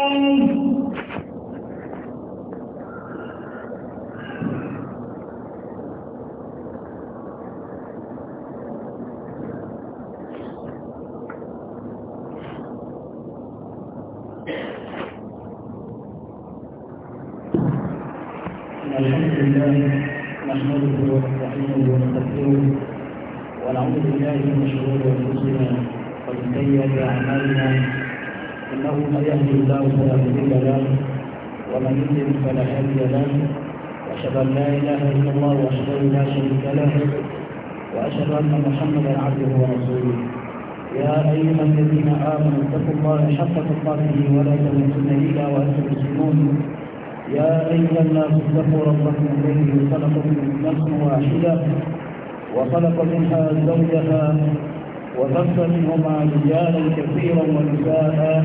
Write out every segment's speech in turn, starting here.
الحمد لله نحمده ونستعينه ونعوذ بالله من شرور انفسنا ومن سيئات اعمالنا من يهدي الله فلا مضل له ومن يضلل فلا هادي له واشهد ان لا اله الا الله وحده لا شريك له واشهد ان محمدا عبده ورسوله يا ايها الذين امنوا اتقوا الله حق تقاته ولا تموتن الا وانتم مسلمون يا ايها الناس اتقوا ربكم الذي خلقكم من نفس واحده وخلق منها زوجها وبث منهما رجالا كثيرا ونساء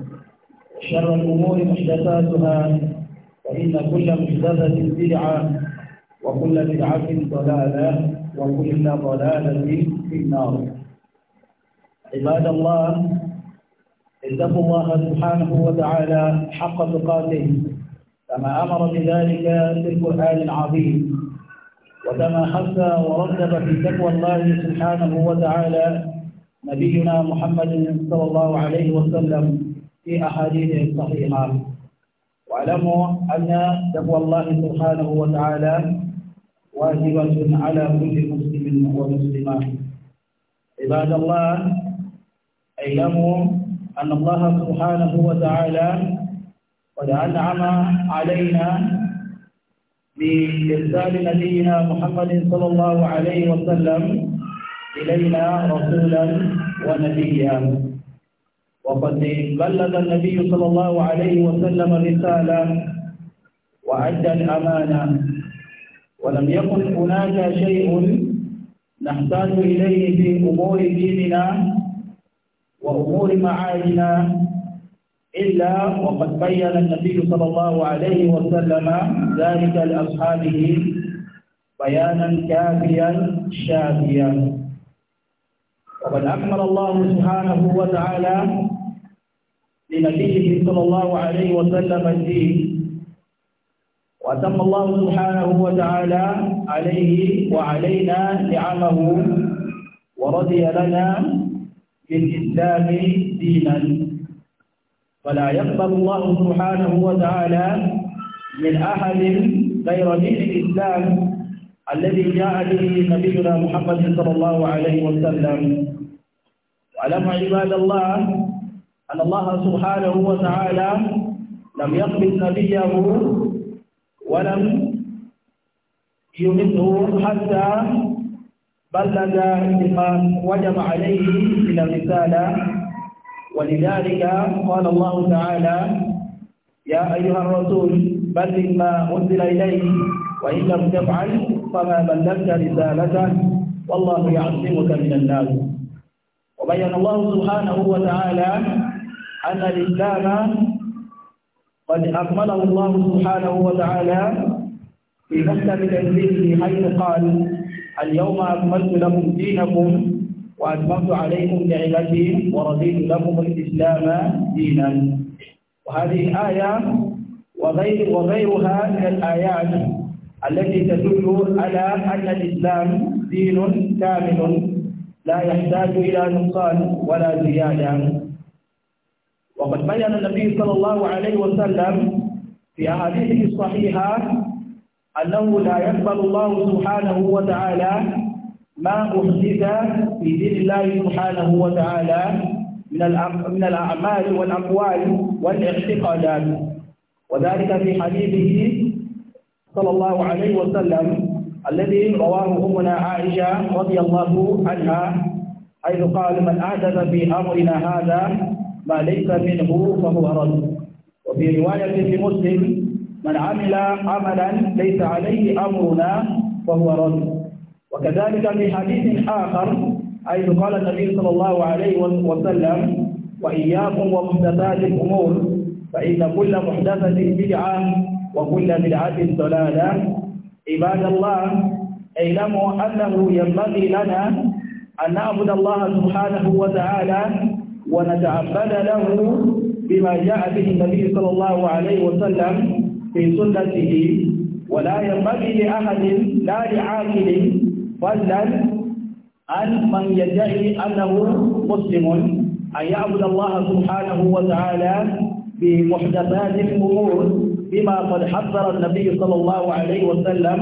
وشر الأمور محدثاتها فإن كل محدثة بدعة وكل بدعة ضلالة وكل ضلالة في النار عباد الله اتقوا الله سبحانه وتعالى حق تقاته كما أمر بذلك في القرآن العظيم وكما حث ورتب في تقوى الله سبحانه وتعالى نبينا محمد صلى الله عليه وسلم في أحاديثه الصحيحة واعلموا أن تقوى الله سبحانه وتعالى واجبة على كل مسلم ومسلمة عباد الله اعلموا أن الله سبحانه وتعالى قد أنعم علينا بإرسال نبينا محمد صلى الله عليه وسلم إلينا رسولا ونبيا وقد بلغ النبي صلى الله عليه وسلم الرسالة وأدى الأمانة ولم يكن هناك شيء نحتاج إليه في أمور ديننا وأمور معادنا إلا وقد بين النبي صلى الله عليه وسلم ذلك لأصحابه بيانا كافيا شافيا وقد أكمل الله سبحانه وتعالى لنبيه صلى الله عليه وسلم الدين وتم الله سبحانه وتعالى عليه وعلينا نعمه ورضي لنا بالإسلام دينا فلا يقبل الله سبحانه وتعالى من أحد غير دين الإسلام الذي جاء به نبينا محمد صلى الله عليه وسلم واعلموا عباد الله أن الله سبحانه وتعالى لم يقبل نبيه ولم يمده حتى بلغ بما وجب عليه من الرسالة ولذلك قال الله تعالى يا أيها الرسول بلغ ما أنزل إليك وإن لم تفعل فما بلغت رسالته والله يعصمك من الناس وبين الله سبحانه وتعالى أن الإسلام قد أكمله الله سبحانه وتعالى في مكتب العزيز حيث قال اليوم أكملت لكم دينكم وأتممت عليكم نعمتي ورضيت لكم الإسلام دينا وهذه الآية وغير وغيرها من الآيات التي تدل على أن الإسلام دين كامل لا يحتاج إلى نقصان ولا زيادة وقد بين النبي صلى الله عليه وسلم في أحاديثه الصحيحة أنه لا يقبل الله سبحانه وتعالى ما أحدث في دين الله سبحانه وتعالى من من الأعمال والأقوال والاعتقادات وذلك في حديثه صلى الله عليه وسلم الذي رواه أمنا عائشة رضي الله عنها حيث قال من أحدث في أمرنا هذا ما ليس منه فهو رد وفي رواية في مسلم من عمل عملا ليس عليه أمرنا فهو رد وكذلك في حديث آخر حيث قال النبي صلى الله عليه وسلم وإياكم ومحدثات الأمور فإن كل محدثة بدعة وكل بدعة ضلالة عباد الله اعلموا أنه ينبغي لنا أن نعبد الله سبحانه وتعالى ونتعبد له بما جاء به النبي صلى الله عليه وسلم في سنته ولا ينبغي لأحد لا لعاقل فضلا أن من يدعي أنه مسلم أن يعبد الله سبحانه وتعالى بمحدثات الأمور بما قد حذر النبي صلى الله عليه وسلم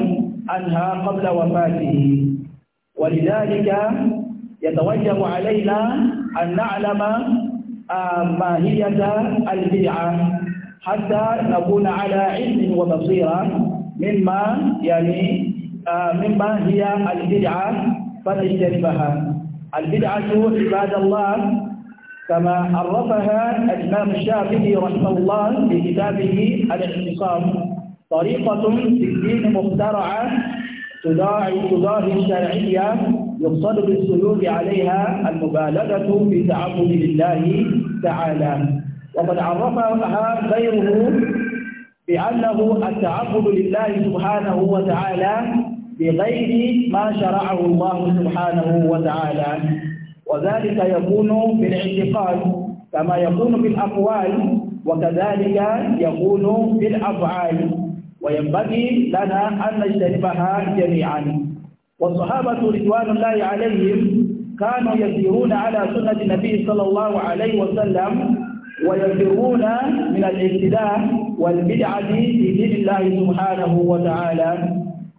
عنها قبل وفاته ولذلك يتوجب علينا أن نعلم آه، ماهية البدعة حتى نكون على علم وبصيرة مما يعني آه، مما هي البدعة فنجتنبها البدعة عباد الله كما عرفها الإمام الشافعي رحمه الله في كتابه الاعتصام طريقة في الدين مخترعة تداعي تضاهي الشرعية يقصد بالسجود عليها المبالغة في تعبد لله تعالى وقد عرفها غيره بأنه التعبد لله سبحانه وتعالى بغير ما شرعه الله سبحانه وتعالى وذلك يكون في الاعتقاد كما يكون في الأقوال وكذلك يكون في الأفعال وينبغي لنا أن نجتنبها جميعا والصحابة رضوان الله عليهم كانوا يسيرون على سنة النبي صلى الله عليه وسلم ويسيرون من الابتداع والبدعة في دين الله سبحانه وتعالى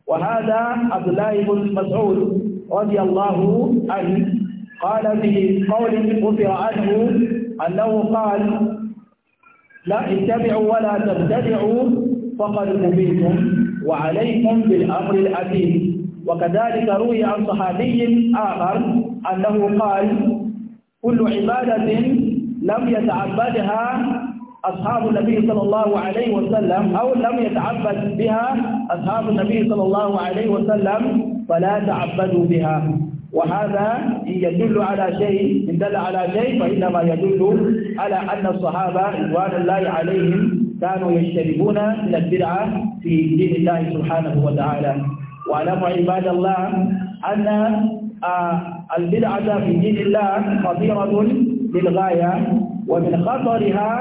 وهذا عبد الله بن مسعود رضي الله عنه قال في قول غفر عنه أنه قال لا اتبعوا ولا تبتدعوا فقد نبيتم وعليكم بالأمر الأثيم وكذلك روي عن صحابي آخر أنه قال كل عبادة لم يتعبدها أصحاب النبي صلى الله عليه وسلم أو لم يتعبد بها أصحاب النبي صلى الله عليه وسلم فلا تعبدوا بها وهذا إن يدل على شيء إن دل على شيء فإنما يدل على أن الصحابة رضوان الله عليهم كانوا يشتربون من البدعة في دين الله سبحانه وتعالى واعلموا عباد الله أن آه، البدعة في دين الله خطيرة للغاية ومن خطرها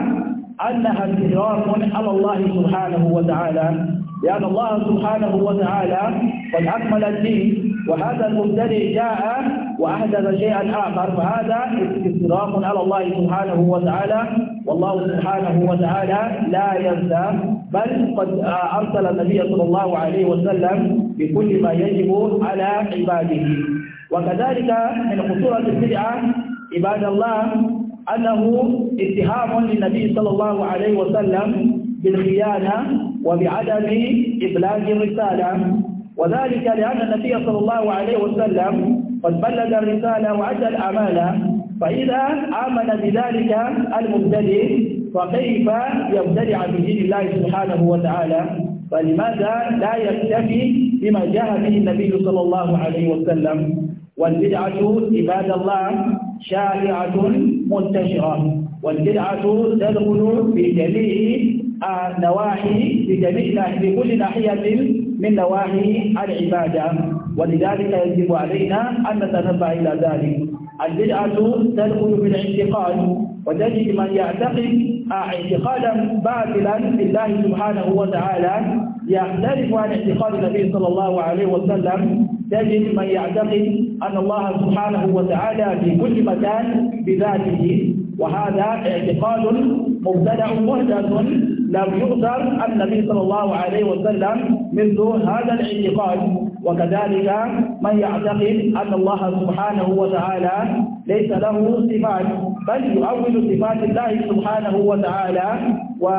أنها اتهام على الله سبحانه وتعالى لأن الله سبحانه وتعالى قد أكمل الدين وهذا المبتدئ جاء وأحدث شيئا آخر فهذا اتهام على الله سبحانه وتعالى والله سبحانه وتعالى لا ينسى بل قد آه، أرسل النبي صلى الله عليه وسلم بكل ما يجب على عباده وكذلك من خطورة البدعة عباد الله أنه اتهام للنبي صلى الله عليه وسلم بالخيانة وبعدم إبلاغ الرسالة وذلك لأن النبي صلى الله عليه وسلم قد بلغ الرسالة وأدى الأمانة فإذا آمن بذلك المبتدئ فكيف يبتدع بدين الله سبحانه وتعالى فلماذا لا يكتفي بما جاء به النبي صلى الله عليه وسلم والبدعة عباد الله شائعة منتشرة والبدعة تدخل في جميع النواحي كل ناحية من نواحي العبادة ولذلك يجب علينا أن نتنبه إلى ذلك البدعة تدخل في الاعتقاد وتجد من يعتقد اعتقادا باطلا لله سبحانه وتعالى يختلف عن اعتقاد النبي صلى الله عليه وسلم تجد من يعتقد أن الله سبحانه وتعالى في كل مكان بذاته وهذا اعتقاد مبتدع محدث لم يؤثر النبي صلى الله عليه وسلم منذ هذا الاعتقاد وكذلك من يعتقد أن الله سبحانه وتعالى ليس له صفات بل يؤول صفات الله سبحانه وتعالى و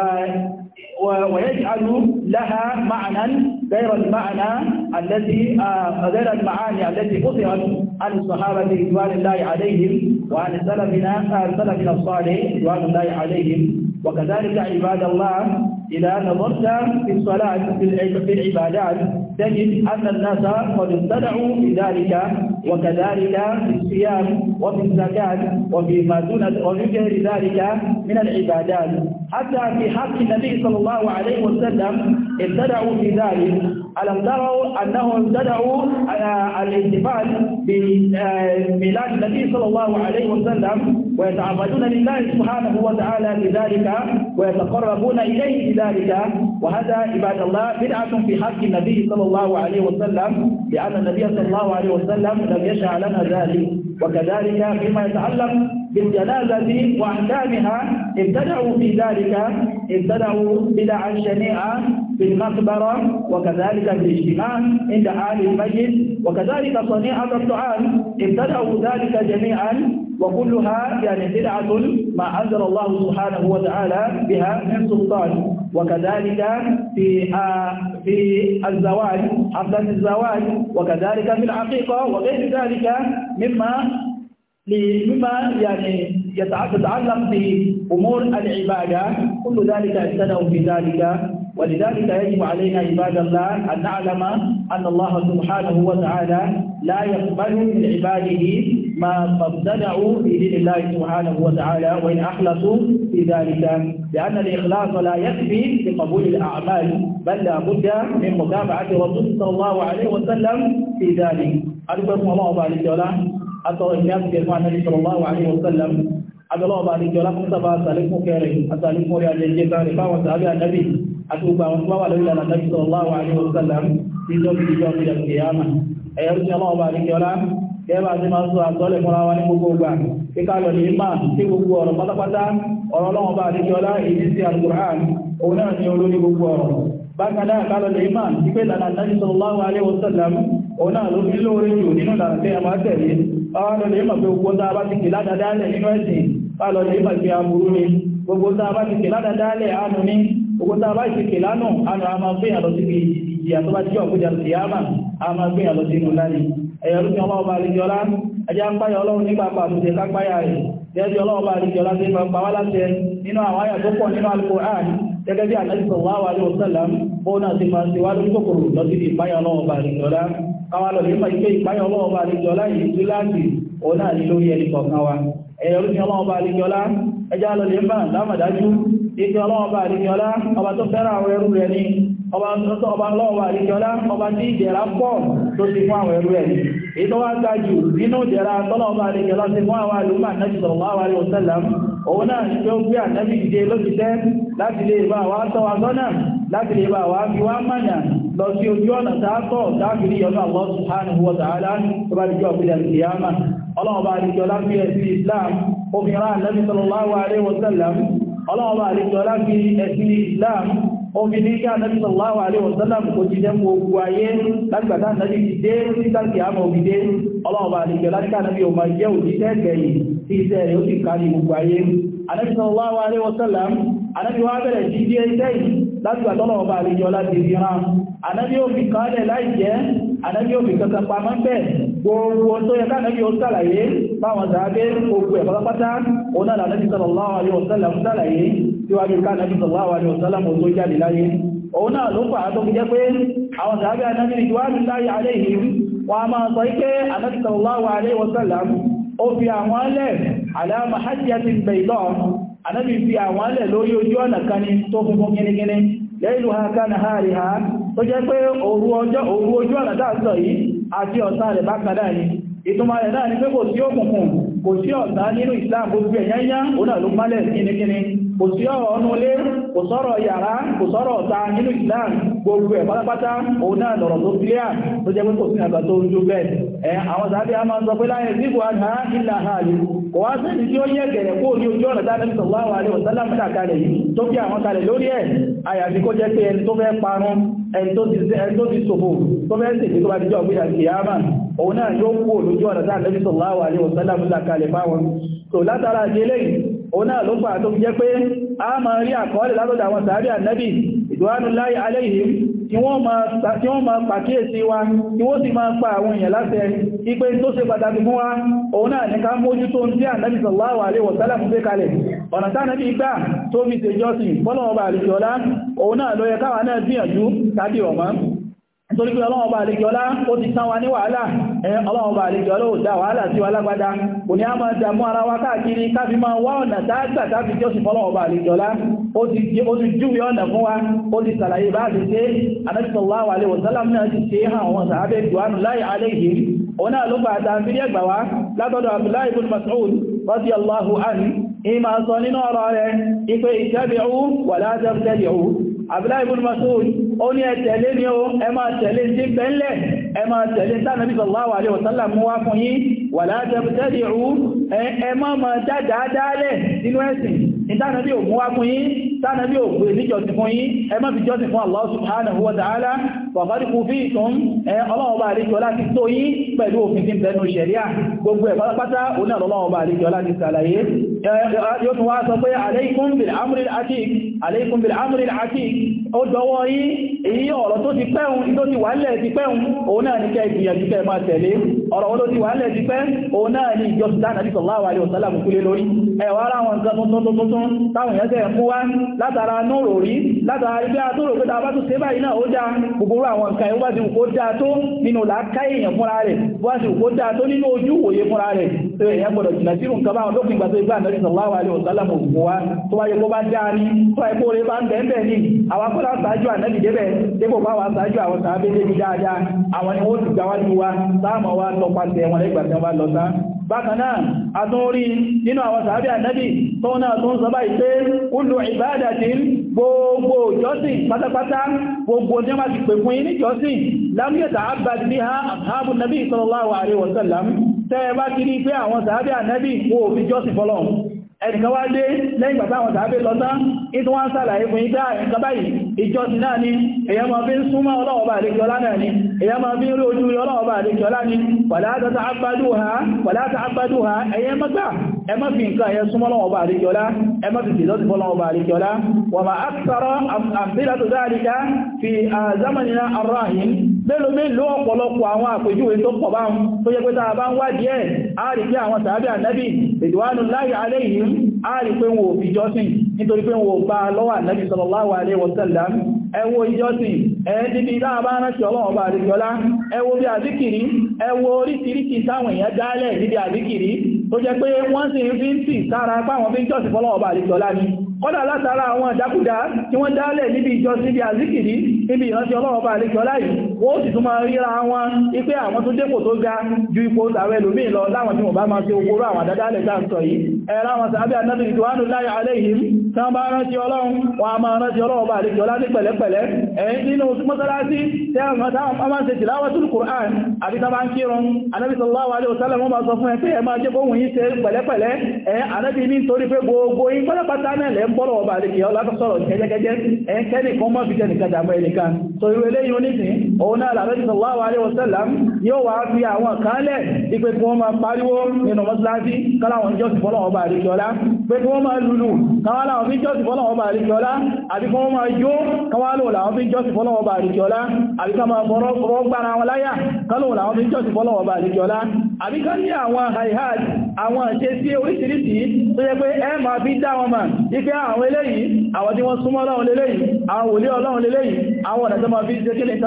ويجعل لها معنى غير المعنى الذي آه، غير المعاني التي فطرت عن الصحابة رضوان الله عليهم وعن سلفنا آه، سلفنا الصالح رضوان الله عليهم وكذلك عباد الله إذا نظرت في الصلاة في العبادات تجد أن الناس قد ابتدعوا في ذلك وكذلك في الصيام وفي الزكاة وفي ما دون غير ذلك من العبادات حتى في حق النبي صلى الله عليه وسلم ابتدعوا في ذلك ألم تروا أنهم ابتدعوا الاحتفال آه، بميلاد آه، النبي صلى الله عليه وسلم ويتعبدون لله سبحانه وتعالى بذلك ويتقربون إليه بذلك وهذا عباد الله بدعة في حق النبي صلى الله عليه وسلم لأن النبي صلى الله عليه وسلم لم يشع لنا ذلك وكذلك فيما يتعلق بالجنازة وأحكامها ابتدعوا في ذلك ابتدعوا بدعا شنيعا بالمقبرة وكذلك في الاجتماع عند أهل المجلس وكذلك صنيعة الطعام ابتدعوا ذلك جميعا وكلها يعني بدعة ما أنزل الله سبحانه وتعالى بها من سلطان وكذلك في آه، في الزواج حفلة الزواج وكذلك في العقيقة وغير ذلك مما مما يعني يتعلق بأمور العبادة كل ذلك ابتدأوا في ذلك ولذلك يجب علينا عباد الله أن نعلم أن الله سبحانه وتعالى لا يقبل من عباده ما ابتدعوا بإذن الله سبحانه وتعالى وإن أخلصوا في ذلك لأن الإخلاص لا يكفي لقبول الأعمال بل لا بد من متابعة رسول صلى الله عليه وسلم في ذلك أرجو الله بارك ولا أتوا الناس كما النبي صلى الله عليه وسلم أبي الله بارك ولا كتب سالكم كريم سالكم يا جيجي كريم وسالي النبي àti gbogbo àwọn tó wà lórí ìlànà Nabi sallallahu alaihi wasallam tí ó fi ìjọ ìjọ kìyàmà ẹ̀yẹ́ rúṣẹ́ ọmọ ọba àríkẹ́ọ́lá kẹ́bà tí máa ń sọ àtọ́lẹ̀ fúnra wa ní gbogbo ọgbà kíkà lọ ní gbogbo ọ̀rọ̀ pátápátá ọ̀rọ̀ ọlọ́wọ́n Al-Qur'an òun náà ni olórí gbogbo ọ̀rọ̀ bákan náà kálọ lè máa Nabi sallallahu alaihi wasallam òun náà ló fi lóore jù nínú ìlànà tí a máa tẹ̀lé báwa lọ lè máa pé gbogbo tá a bá ti kì ánú ni gbogbo tá a bá ṣe kèlá náà àná a máa gbéyàn lọ síbi ìjìyà tó bá jẹ́ ọ̀gbẹ́jà sí àmà a máa gbéyàn lọ sínú láàrin ẹ̀yà lókè ọlọ́wọ́ bá àlejò ọlá ẹjá ń páyà ọlọ́run nípa pàmùsẹ̀ lápáyà rẹ̀ gẹ́gẹ́ ọlọ́wọ́ bá àlejò ọlá sí pa wá láṣẹ nínú àwọn àyà tó pọ̀ nínú Al-Qur'an gẹ́gẹ́ bí Ànábì sallallahu alaihi wasallam bó náà ti máa ṣe wá lórí kòkòrò lọ sí ìpáyà ọlọ́wọ́ bá àlejò ọlá ìfẹ́ ọlọ́ọ̀bà àríkẹ́ọlá ọba tó fẹ́ràn àwọn ẹrú rẹ̀ ní ọba ọlọ́ọ̀bà àríkẹ́ọlá ọba tí ìjẹ̀rá pọ̀ tó ti fún àwọn ẹrú rẹ̀ ní ètò wá ga jù nínú ìjẹ̀rá tọ́lọ́ọ̀bà àríkẹ́ọlá ti fún àwọn àlùmọ̀ ànábì sallallahu alaihi wasallam òun náà ni pé ó gbé ànábì ìdíje lóṣìṣẹ́ láti lè bá wa tọ́ wa sọ́nà láti lè bá wa fi wá mọ̀nà lọ sí ojú ọ̀nà tààtọ̀ Allah subhanahu wa ta'ala tó Islam obìnrin ànábì sallallahu alaihi wasallam ọlọ́ọ̀bá àríkọ́lá fi ẹ̀sìn Islam obìnrin ká nàbí sallallahu alaihi wasallam kò ti jẹ́ gbogbo ayé lágbàtà nàbí ti dé títà sí àmà òbí dé ọlọ́ọ̀bá àríkọ́lá ká nàbí ọmọ jẹ́ òjíṣẹ́ gbẹ̀yìn tí iṣẹ́ rẹ̀ alaihi wasallam anábì wá bẹ̀rẹ̀ sí dé iṣẹ́ yìí lágbàtọ́lọ́ọ̀bá àríkọ́lá ti fi rán anábì ó fi kálẹ̀ láì jẹ́ anábì ó báwọn sàábé ogun ẹ̀ pátápátá òun náà lànà sallallahu alaihi wasallam sàlàyé síwájú ká nàbí sallallahu alaihi wasallam tó jáde láyé òun náà ló fà tó fi jẹ́ pé àwọn sàábé anábì ni juwájú láyé aléhìm wọn a máa sọ ike anábì sallallahu alaihi wasallam ó fi àwọn lẹ̀ aláàmà hajjatin bayda anábì fi àwọn lẹ̀ lórí ojú ọ̀nà kan ní tó funfun gínígíní lẹ́yìn lóha òru ojú ọ̀nà dáàtọ̀ yìí àti ọ̀sán rẹ̀ bákan náà ìtumọ̀ rẹ̀ náà ni pé kò sí òkùnkùn kò sí ọ̀tá nínú Islam gbogbo ẹ̀yẹ́yá òun àlú málẹ̀ kínníkínní kò sí ọ̀rọ̀ ọ̀nulé kò sọ̀rọ̀ yàrá kò sọ̀rọ̀ ọ̀tá nínú Islam gbogbo ẹ̀ pátápátá òun náà lọ̀rọ̀ tó kílíà tó jẹ́ pé kò sí àgbà tó ń jó bẹ́ẹ̀ ẹ àwọn sàbí a máa ń sọ pé láyé sí ìwà àná ìlà àlè kò wá sẹ́ni tí ó yẹ gẹ̀rẹ̀ kó ní ojú ọ̀nà tánà sọ̀rọ̀ àwọn àlè ọ̀sálà mẹ́ta òun náà yóò kú olójú ọ̀nà tá Ànábì sallallahu alaihi wasallam kalẹ̀ fáwọn tó látara jẹ́lẹ̀ òun náà ló fà tó jẹ́ pé a máa rí àkọọ́lẹ̀ látọ̀dọ̀ àwọn sàárì Ànábì ìdúwánuláyé aléyìí tí wọ́n máa pàkíyèsí wa tí wọ́n sì máa pa àwọn èèyàn láṣẹ ipé tó ṣe pàtàkì fún wa òun náà ní ká mójú tó ń tí Ànábì sallallahu nítorí pé ọlọ́wọ́ bá àlejò ọlá ó ti tán wa ní wàhálà ẹ ọlọ́wọ́ bá àlejò ọlá ò dá wàhálà sí wa lágbádá kò ní a máa dàmú ara wa káàkiri káfí máa wá ọ̀nà tààgbà káfí tí ó sì fọ́lọ́wọ́ bá àlejò ọlá ó ti júwe ọ̀nà fún wa ó ti sàlàyé bá ti ṣe sallallahu alaihi wasallam náà ti ṣe hàn wọn sàábẹ́ duwanu láì aléyìí òun náà ló ó ní ẹ tẹ̀lé ní o ẹ máa tẹ̀lé tí bẹ́ńlẹ̀ ẹ máa tẹ̀lé tánàbí sallallahu alaihi wasallam mú wá fún yín wà látẹ̀bùtẹ́dì rú ẹ máa máa dáadáa dálẹ̀ nínú ẹ̀sìn tánà bí òkú níjọsìn fún yín ẹ má fi jọ́sìn fún Allah subhanahu wa ta'ala wàbárí kú fi ìtún ẹ ọlọ́ọ̀bá àríkọlá ti tó yín pẹ̀lú òfin tí ń bẹnu ṣẹ̀ríà gbogbo ẹ̀ pátápátá oní ọlọ́ọ̀bá àríkọlá ti sàlàyé yóò tún wá sọ pé ọ̀rọ̀ wọn ló ti wà ti pẹ́ òun náà ni ìjọ sùdá nàbí sallallahu alaihi wasallam kúlé lórí ẹ̀wà ara wọn nǹkan tuntun tuntun tún táwọn èèyàn tẹ̀ ń kú wá látara nóòrò rí látara rí bí a tó rò pé ta bá tún ṣe báyìí náà ó dáa gbogbo àwọn nǹkan ẹ̀wọ́n ti wù kó tó nínú làákàyè fúnra rẹ̀ bó bá ti wù kó tó nínú ojú wòye fúnra rẹ̀ tó yẹ gbọ́dọ̀ jìnà sírù nǹkan báwọn lópin ìgbà tó igbá ànábì sallallahu alaihi wasallam òkú wa tó wáyé kó bá dáa ní tó ẹ̀kọ́ orí bá ń bẹ̀ ń bẹ̀ ní àwọn akọ́lá ṣáájú ànábì débẹ̀ dépò bá wa ṣáájú àwọn sàábé débi dáadáa àwọn ni wọ́n ti gbà wájú wa sáàmọ̀ wa tọpasẹ̀ wọn lẹ́gbàá tí wọ́n bá lọ sá bákanáà a tún rí nínú àwọn sàábé ànábì tó náà tún sọ báyìí pé kullu ibadatin gbogbo ìjọsìn pátápátá gbogbo ní wọ́n ti pè fún yín ní ìjọsìn lam yata'abbad biha ashabu nabi sallallahu alaihi wasallam tẹ́ẹ̀ bá kiri pé àwọn sàábẹ́ ànẹ́bì wo òfin jọ́sìn fọ́lọ́run ẹnìkan wá dé lẹ́yìn bàbá àwọn sàábẹ́ lọ́tá ìtún wá ń sàlàyé fún ìdá ẹ̀kan báyìí ìjọsìn náà ni èyàn máa fi ń súnmọ́ ọlọ́ọ̀bà àlejọ́lá náà ni èyàn máa fi ń rí ojú ọlọ́ọ̀bà àlejọ́lá ni wàlá tàbádùhá ẹ̀yẹ mọ́gbà ẹmọ́ fi nǹkan ẹ̀yẹ súnmọ́ ọlọ́ọ̀bà àlejọ́lá ẹmọ́ fi tìlọ́sì fọ́lọ́ọ̀bà àlejọ́lá wà máa àkàrọ̀ àmìlà tó dáadìká fi àzámanina ah, arọ́hìn mélòó mélòó ọ̀pọ̀lọpọ̀ àwọn àpèjúwe tó pọ̀ bá ń tó yẹ pé tàà bá ń wádìí ẹ̀ a rí pé àwọn tàbí ànẹ́bì ìdíwánú láyé alẹ́ yìí a rí pé wọn ò fi jọ́sìn nítorí pé wọn ò bá lọ́wọ́ ànẹ́bì sallallahu alaihi wasallam ẹwọ ìjọsìn ẹ̀ẹ́dìbí láàbá ránṣẹ́ ọlọ́run bá àríkọlá ẹwọ bí àdíkìrí ẹwọ oríṣiríṣi táwọn èèyàn dálẹ̀ níbi àdíkìrí tó látara àwọn àdákùdá tí wọ́n dálẹ̀ níbi ìjọsìn bí àdíkìrí níbi ìrántí ọlọ́run bá àríkọlá yìí wọ́n sì tún máa ríra wọn ipé àwọn tó dépò tó ga ju ipò tàwẹ́ lómi lọ láwọn tí wọ́n bá máa ṣe ogoro àwọn àdádálẹ̀ tá ń sọ yìí ẹ̀rá wọn sàábẹ́ àdábì ìtòhánù láyé aléhìm tán bá rántí ọlọ́run wọn a máa rántí ọlọ́run òun náà làbẹ́jì sallallahu alaihi wasallam yóò wá fi àwọn kánlẹ̀ ipé kí wọ́n máa pariwo nínú mọ́sílájí káláwọn jọ́ sí fọ́lọ́wọ́ bá àríkíọ́lá pé kí wọ́n máa lùlù káwàláwọn fi jọ́ sí fọ́lọ́wọ́ bá àríkíọ́lá àbí kí wọ́n máa jó káwàlò làwọn fi jọ́ sí fọ́lọ́wọ́ bá àríkíọ́lá àbí ká máa bọ́rọ̀ gbára wọn láyà kálò làwọn fi jọ́ sí fọ́lọ́wọ́ bá àríkíọ́lá àbí ká ní àwọn haihad àwọn ṣe sí oríṣiríṣi tó yẹ pé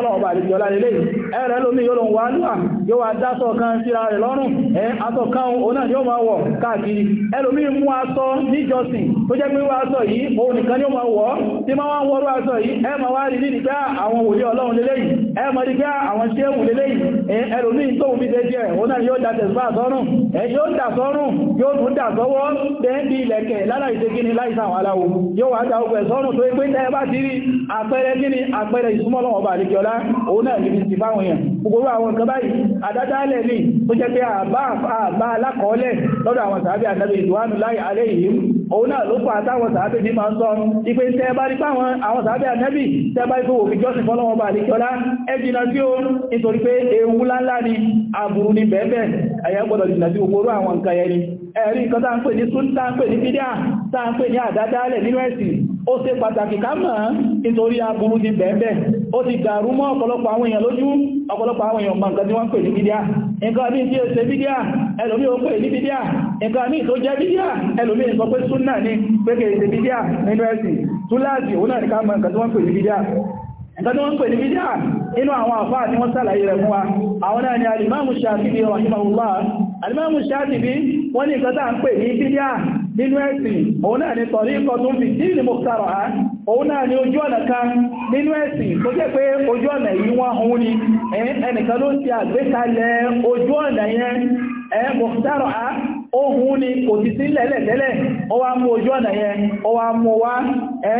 ẹ ọlọ́run ọba àdìsí ọlá lélẹ́yìn ẹ̀rẹ́ lómi yóò lòun wá lúwà yóò wá dásọ kan síra rẹ̀ lọ́rùn ẹ̀ aṣọ kan òun náà yóò máa wọ̀ káàkiri ẹlòmí mú aṣọ níjọsìn tó jẹ́ pé wá aṣọ yìí òun nìkan yóò máa wọ̀ tí máa wá ń wọ́rú aṣọ yìí ẹ máa wá rí ní nígbà àwọn òlé ọlọ́run lélẹ́yìn ẹ máa rí gbá àwọn tí èwù lélẹ́yìn ẹlòmí tó wù bí ṣe jẹ́ òun náà yóò dàtẹ̀ sí àsọ́rùn ẹ yóò dà sọ́rùn yóò tún dà àpẹẹrẹ kíni àpẹẹrẹ ìsúmọ́lọ́wọ́ bá àríkẹ́ ọlá mọ́ òun náà níbi ti báwọn èèyàn gbogbo àwọn nǹkan báyìí àdádálẹ̀ ní tó jẹ́ pé àbá àbá alákọọ́lẹ̀ lọ́dọ̀ àwọn sàábẹ̀ àtàbí ìdùwánù láì alẹ́ yìí òun náà ló pàá táwọn sàábẹ̀ ní máa ń sọ ipé tẹ́ bá rí páwọn àwọn sàábẹ̀ àtàbí tẹ́ bá rí fòwò fi jọ́sìn fọ́lọ́wọ́ bá àdíkọ́lá ẹ jìnà sí ó nítorí pé ewu láńlá ni àbùrù ni bẹ́ẹ̀bẹ̀ ẹ̀yẹ́ gbọ́dọ̀ jìnà sí gbogbo àwọn nǹkan yẹn ni ẹ̀rí nǹkan tá ń pè ní sún tá ń pè ní bídíà tá ń pè ní àdádálẹ̀ nínú ẹ̀sìn ó se pàtàkì ká mọ̀ nítorí aburú ti bẹ̀ẹ̀bẹ̀ ó ti dàrú mọ́ ọ̀pọ̀lọpọ̀ àwọn èèyàn lójú ọ̀pọ̀lọpọ̀ àwọn èèyàn mọ̀ nǹkan tí wọ́n ń pè ní bídíà nǹkan ní tí ó bídíà ẹlòmí ó pè ní bídíà nǹkan tó jẹ́ bídíà ẹlòmí pé súnà ní bídíà nínú ẹ̀sìn túláàsì nínú ẹ̀sìn òun náà ni tọ̀rí ikọ̀ tó ń fi sí ìlú mọ̀sára á òun náà ni ojú ọ̀nà kan nínú ẹ̀sìn tó jẹ́ pé ojú ọ̀nà yìí wọ́n òun ni ẹnìkan ló ti àgbékalẹ̀ ojú ọ̀nà yẹn ẹ̀ mọ̀sára á ohun ni kò ti sí lẹ́lẹ̀tẹ́lẹ̀ ó wá mú ojú ọ̀nà yẹn ó wá mú wá ẹ̀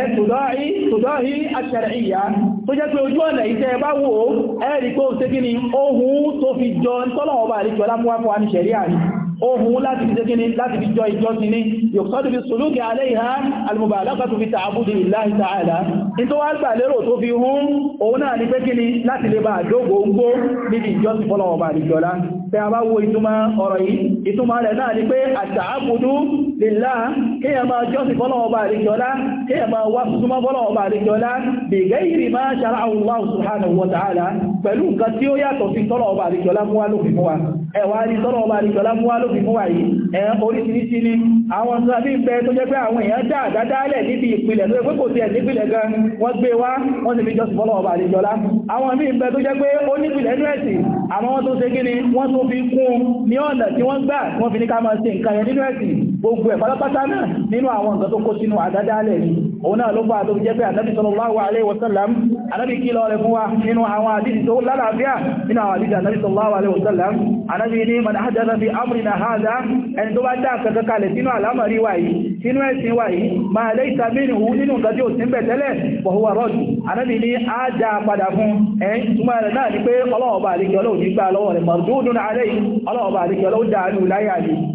tùdọ́rí àṣẹ̀rẹ̀ìyà tó jẹ́ pé ojú ọ̀nà ìṣẹ́ bá wò ó ẹ̀rí pé ó ṣe kí ni ohun tó fi jọ tọ́lọ̀wọ́ bá àríkọ́lá mú wá wa ní ṣẹ̀rí àrí ohun láti fi jẹ́kíní láti fi jọ ìjọsìn ní yóò fi sùlúkì aléìhá alìmọ̀bàlápàtò fi tààbùdì ìláhì tààlà in tó wá gbà lérò tó fi hún òun náà ní pẹ́kíní láti lè bá àdógó ń gbó níbi ìjọsìn fọ́lọ̀wọ̀bà àdìjọ́lá tẹ a bá wo ìtumọ̀ ọ̀rọ̀ yìí ìtumọ̀ rẹ̀ náà ni pé àtàábùdú lèlá kí ẹ máa jọ́sìn fọ́lọ̀wọ̀bà àdìjọ́lá kí ẹ máa wá súnmọ́ fọ́lọ̀wọ̀bà pẹ̀lú nǹkan tí ó yàtọ̀ sí tọ́lọ̀wọ̀bà àdìjọ́lá mú wá lófin fún wa ẹ̀wà ní tọ́lọ̀wọ̀bà àdìjọ́lá mú wá ló fi fún wa yìí ẹ̀ oríṣiríṣi ni àwọn tó àbí ìpẹ́ tó jẹ́ pé àwọn èèyàn dá àdádálẹ̀ níbi ìpìlẹ̀ tó pé kò sí ẹ̀ nípìlẹ̀ gan wọ́n gbé wá wọ́n sì fi jọ sí ọba àlejọ́lá àwọn míì ìpẹ́ tó jẹ́ pé ó nípìlẹ̀ nú ẹ̀sìn àmọ́ wọ́n tó ṣe kí ni wọ́n tó fi kún ní ọ̀nà tí wọ́n gbà wọ́n fi ní ká máa ṣe nǹkan yẹn nínú ẹ̀sìn gbogbo ẹ̀ pátápátá náà nínú àwọn nǹkan tó kó sínú àdádálẹ̀ ni òun náà ló bá tó jẹ́ pé ànábì sallallahu alaihi wasallam ànábì kí lọ rẹ̀ fún wa nínú àwọn àdíjì tó lálàáfíà nínú àwọn àdíjì ànábì sallallahu alaihi wasallam ànábì ní man ahdatha fi amrina hadha ẹni tó bá dá kankan kalẹ̀ sínú àlámọ̀rí wa yìí sínú ẹ̀sìn wa yìí ma laysa minhu nínú nǹkan tí ó sì ń bẹ̀ tẹ́lẹ̀ wa huwa radd ànábì ní á dá padà fún ẹ̀yìn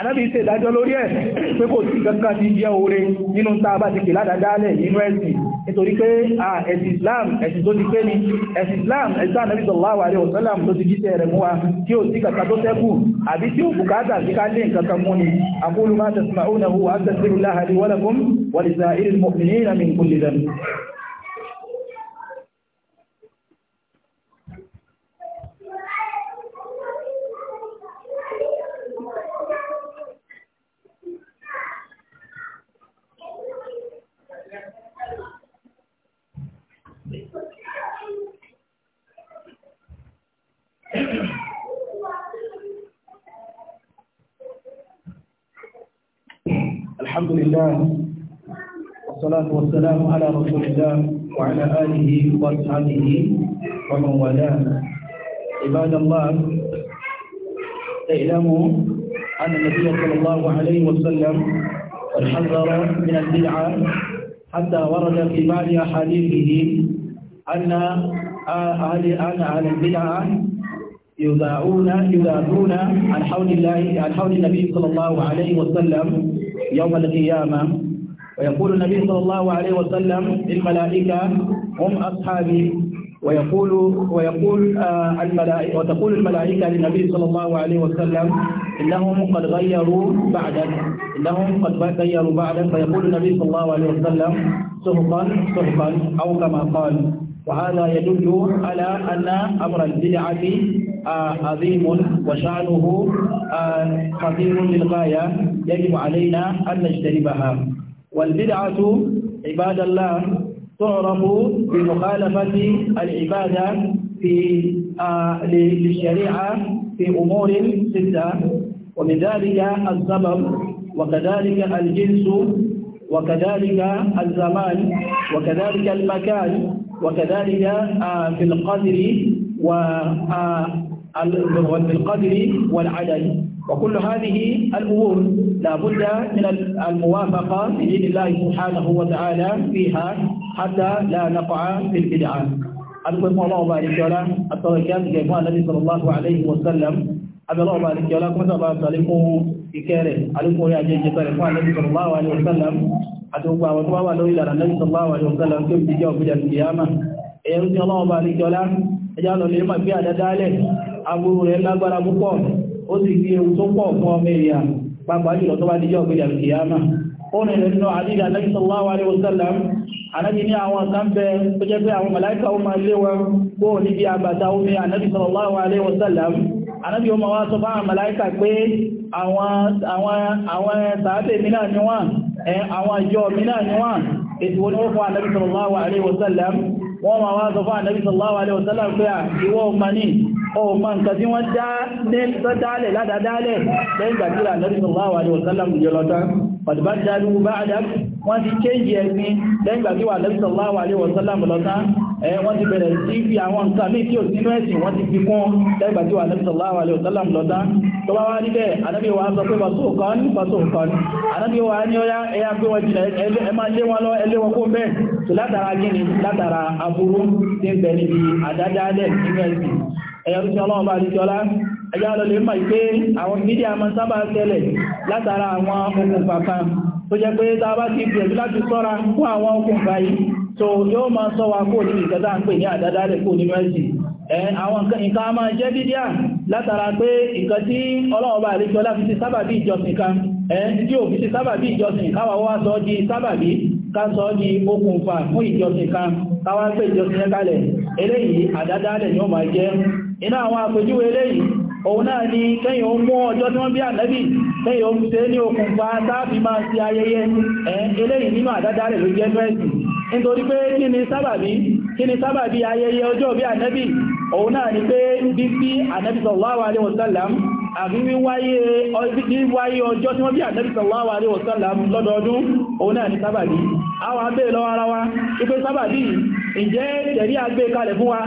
anábì ṣe ìdájọ́ lórí ẹ̀ pé kò sí kankan ti jẹ́ oore nínú ta bá ti kè ládàdálẹ̀ nínú ẹ̀sìn nítorí pé ẹ̀sìn Islam ẹ̀sìn tó ti pé ni ẹ̀sìn Islam ẹ̀sìn anábì sallallahu alaihi wasallam tó ti jíṣẹ́ rẹ̀ mú wa tí ó sí kankan tó sẹ́kù àbí الحمد لله والصلاة والسلام على رسول الله وعلى آله وأصحابه ومن والاه عباد الله اعلموا أن النبي صلى الله عليه وسلم قد حذر من البدعة حتى ورد في بعض أحاديثه أن أهل أن أهل البدعة يذاعون يذاعون عن حول الله عن حول النبي صلى الله عليه وسلم يوم القيامة ويقول النبي صلى الله عليه وسلم للملائكة هم أصحابي ويقول ويقول آه، الملائكة وتقول الملائكة للنبي صلى الله عليه وسلم إنهم قد غيروا بعدا إنهم قد غيروا بعدا فيقول النبي صلى الله عليه وسلم سهقا سهقا أو كما قال وهذا يدل على أن أمر البدعة آه، عظيم وشأنه آه، خطير للغاية يجب علينا أن نجتنبها والبدعة عباد الله تعرف بمخالفة العبادة في آه للشريعة في أمور ستة ومن ذلك السبب وكذلك الجنس وكذلك الزمان وكذلك المكان وكذلك آه في القدر و آه، القدر والعدد وكل هذه الأمور لا بد من الموافقة بإذن الله سبحانه وتعالى فيها حتى لا نقع في البدعة أدوكم الله بارك ولا التركات كما النبي صلى الله عليه وسلم أبي الله بارك ولا كما تبارك عليكم إكاره عليكم يا جيجي طريق النبي صلى الله عليه وسلم أدوكم وتوا ولو إلى النبي صلى الله عليه وسلم كيف تجاو في القيامة أيها الله بارك ولا أجعل لهم في هذا ذلك أبو رلا برا بكم ó sì fi ewu tó pọ̀ fún ọmọ èèyàn pàpà jùlọ tó bá díjọ́ ògbèdà kìyàmà ó rìn rẹ̀ nínú àdídà Ànábì sallallahu alaihi wasallam anábi ní àwọn kan bẹ tó jẹ́ pé àwọn màláíkà ó máa lé wọn kó ní bí àbàtà omi Ànábì sallallahu alaihi wasallam anábi ó máa wá sọ fáwọn màláíkà pé àwọn sàábẹ̀ mi náà ni wọ́n àwọn ìjọ mi náà ọmọ nǹkan tí wọ́n dálẹ̀ ládádálẹ̀ lẹ́yìn gbàtíra lọ́dún sallallahu alaihi wasallam jọlọ́ta pàtàkì bá dálú bá adam wọ́n ti kéjì ẹ̀sìn lẹ́yìn gbàtíwà lọ́dún sallallahu alaihi wasallam lọ́ta wọ́n ti bẹ̀rẹ̀ sí fi àwọn nǹkan ní tí ò sínú ẹ̀sìn wọ́n ti fi kún lẹ́yìn gbàtíwà lọ́dún sallallahu alaihi wasallam lọ́ta tó bá wá níbẹ̀ anábí wa sọ pé bàtò kan bàtò kan anábí wa ní ọya ẹya pé wọ́n jìnà ẹ máa lé wọn lọ ẹlé wọn kó bẹ́ẹ̀ tó látara gíní látara aburú tí ń bẹ níbi àdádálẹ̀ nínú ẹ̀sìn ẹ̀yẹ̀rú tí ọlọ́ọ̀bá àríṣọ́lá ẹjá lè mọ̀ pé àwọn mídíà máa sábà tẹ́lẹ̀ látara àwọn okùnfà kan tó jẹ́ pé tá a ti bẹ̀rẹ̀ láti sọ́ra fún àwọn tó yóò máa sọ wa kó ń pè ní kó àwọn nǹkan a máa jẹ́ dídíà látara pé nǹkan tí ọlọ́ọ̀bá àríṣọ́lá fi ti sábà bí ìjọsìn kan tí ò fi di sábà bí di okùnfà fún ìjọsìn kan pé ìjọsìn eléyìí iná àwọn àpèjúwe eleyi? òun náà ni kẹ́yìn ó mú ọjọ́ tí wọ́n bí ànábì kẹ́yìn ó mú tẹ́ ní okùnfà máa sí ayẹyẹ eléyìí nínú àdádá rẹ̀ ló jẹ́ fẹ́ẹ̀sì nítorí pé kí ni sábàbí kí ni sábàbí ayẹyẹ ọjọ́ bí ànábì òun náà ni pé bí sí ànábì sallallahu ni ǹjẹ́ tẹ̀rí àgbé kalẹ̀ fún wa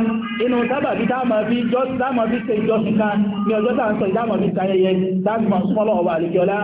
inú sábàbí dáàmà fi ṣe ìjọsìn kan ní ọjọ́ tàà ń sọ ìdáàmà fi ṣayẹyẹ dáàmà súnmọ́lọ́wọ́ àríkẹ́ọlá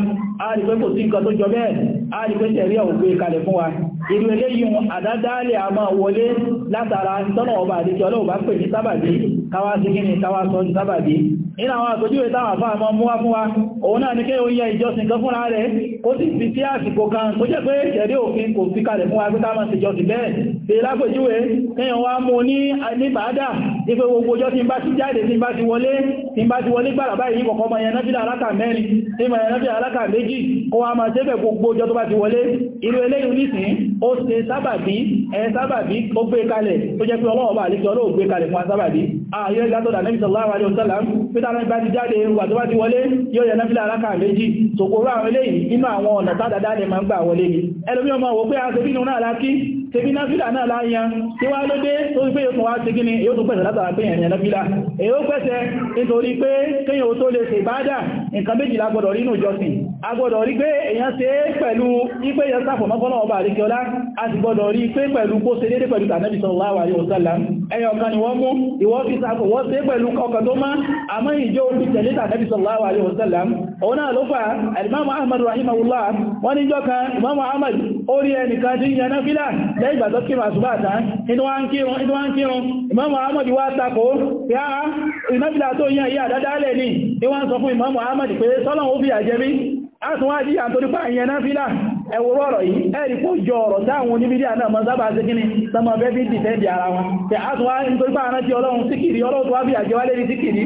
a rí pé kò sí nǹkan tó jọ bẹ́ẹ̀ a rí pé tẹ̀rí ọ̀gbé kalẹ̀ fún wa irú eléyìn àdádálẹ̀ a máa wọlé látara tọ́nà ọba àdíkẹ́ ọlọ́wọ́ bá pè ní sábàbí káwá sí kí ni káwá sọ ní sábàbí nínú àwọn àtòjúwé táwà fáà mọ́ mú wá fún wa òun náà ní kí o yẹ ìjọsìn kan fúnra rẹ̀ ó sì fi sí àsìkò kan tó jẹ́ pé ṣẹ̀rí òfin kò fi kalẹ̀ fún wa pé táwọn ti jọsìn bẹ́ẹ̀ fi lápòjúwé kíyàn wá mú ní níbàádà ipé gbogbo ọjọ́ tí ń bá ti jáde tí ń bá ti wọlé tí ń bá ti wọlé gbàrà báyìí kọ̀kọ́ mọ̀ yẹn náfíà alákà mẹ́rin tí mọ̀ yẹn náfíà alákà méjì kó wá máa jẹ́bẹ̀ gbogbo ọjọ́ tó bá ti wọlé irú eléyìí nísìn ó ṣe sábàbí ẹ sábàbí ó gbé kalẹ̀ tó jẹ́ pé ọlọ́ọ̀bá àlejò ọlọ́ọ̀ gbé kalẹ̀ fún sábàbí ààyè ìgbàtọ̀dà nẹ́bí sallallahu alaihi wasallam pítà náà bá ti jáde wà tó bá ti wọlé yóò yẹ náfílà alákà méjì tòkòrò àwọn eléyìí nínú àwọn ọ̀nà tádàdá lè máa ń gbà wọlé ni ẹlòmí ọmọ wò pé a ṣe bínú náà lákí tẹbí náfílà náà láyá tí wá ló dé tó pé yóò wá sígí ni yóò tún pẹ̀sẹ̀ látara pé ẹ̀yàn náfílà èyí ó pẹ̀sẹ̀ nítorí pé kéyàn ó tó lè ṣe ìbádà nǹkan méjìlá gbọdọ̀ rí inú ìjọsìn a gbọdọ̀ rí pé èyàn ṣe é pẹ̀lú ipé yẹn sáfọ̀ mọ́kànlá ọba àríkẹ́ọlá a sì gbọdọ̀ rí pé pẹ̀lú kó ṣe dédé pẹ̀lú takò wọ́n sí pẹ̀lú ọkàn tó má àmọ́ ìjọ orí tẹ̀lé tàbí sallallahu alaihi wasallam òun náà ló fà al-Imam Ahmad rahimahullah wọ́n níjọ́ kan Imam Ahmad ó rí ẹnìkan tí yẹn náfílà lẹ́yìn ìgbà tó kí ma ṣùgbà tán inú wá ń kírun inú wá ń kírun Imam Ahmad wá takò pé á ìnáfílà tó yẹn yí àdádálẹ̀ ní ẹwọ́rọ̀ ọ̀rọ̀ yìí ẹ̀rí kó jọ ọ̀rọ̀ táwọn oníbídí àná ma sábà sí kíní sọmọ bẹ́bí dìtẹ́dì ara wọn tẹ̀ á tún wá nítorí pàánà tí ọlọ́run síkìrí ọlọ́run tó wá bí àjẹwálé ní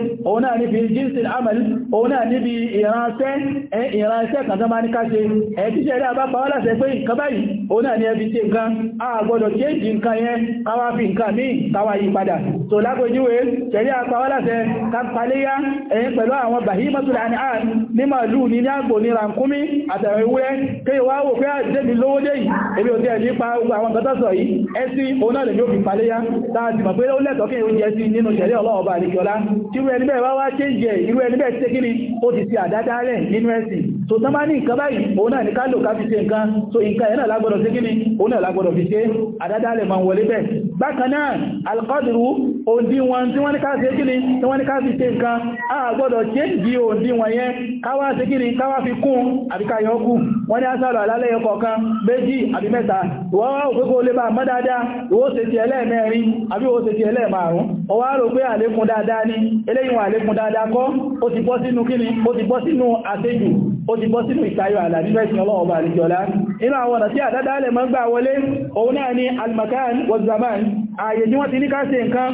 òun náà níbi jínsìn àmàlì òun náà níbi ìránṣẹ́ ìránṣẹ́ kan tó máa ní káṣe ẹ̀ẹ́dí ṣẹ̀rẹ́ àbápa wá láṣẹ pé nǹkan báyìí òun náà ní ẹbí tí nǹkan a gbọ́dọ̀ kéèjì nǹkan yẹn káwá fi nǹkan míì káwá yí padà tó lágbójúwé ṣẹ̀rẹ́ àpá wá láṣẹ kápaléyá ẹ̀yìn pẹ̀lú àwọn bàhí mọ́tòlá ní àà ní màálù ní ní àgbò ní ràkúnmí àtàwọn ewúrẹ́ kéyọ wá wò pé àjẹ́mi ah, lówó dé yìí èmi ò tẹ́ nípa àwọn tọ́tọ́sọ̀ yìí ẹ̀sìn òun náà lè ní òfin paléyá láti mọ̀ pé ó lẹ́tọ̀ọ́ kí èèyàn jẹ́ sí nínú ṣẹ̀rẹ́ ọlọ́ọ̀bà àríkọlá tí ẹni bẹ́ẹ̀ wá wá ṣe ń jẹ irú ẹni bẹ́ẹ̀ ṣe kí ni ó ti fi àdádá rẹ̀ nínú ẹ̀sìn tó tán bá ní nǹkan báyìí òun náà ní ká lò ká fi ṣe nǹkan so nǹkan ẹ̀ náà lágbọ́dọ̀ ṣe kí ni òun náà lágbọ́dọ̀ fi ṣe àdádá rẹ̀ máa wọlé bẹ́ẹ̀ bákan náà alkọ́dùrú òǹdí wọn tí wọ́n ní ká ṣe kí ni tí wọ́n ní ká fi ṣe nǹkan a gbọ́dọ̀ ṣe di òǹdí wọn yẹn káwá ṣe kí ni káwá fi kún àbí ká yọ kú wọ́n ní asálọ alálẹ́yọ kọ̀ọ̀kan méjì àbí mẹ́ta ìwọ́n wá òkúkú ó lé bá mọ́ dáadáa ìwọ́ ṣe ti ẹlẹ́ẹ̀mẹ́rin àbí ìwọ́ ṣe ti ẹlẹ́ẹ̀márùn-ún ó wá rò pé àlékún dáadáa ní eléyìn wà àlékún dáadáa kọ́ o ti bọ́ sínú kíni o ti bọ́ sínú àṣejù o ti bọ́ sínú ìtayọ̀ àlà nígbà ìsìn ọlọ́wọ́ bá àríjọlá inú àwọn ọ̀nà tí àdádálẹ̀ mọ́ gbà wọlé òun náà ni almakan wa zaman ààyè tí wọ́n ti ní ká ṣe nǹkan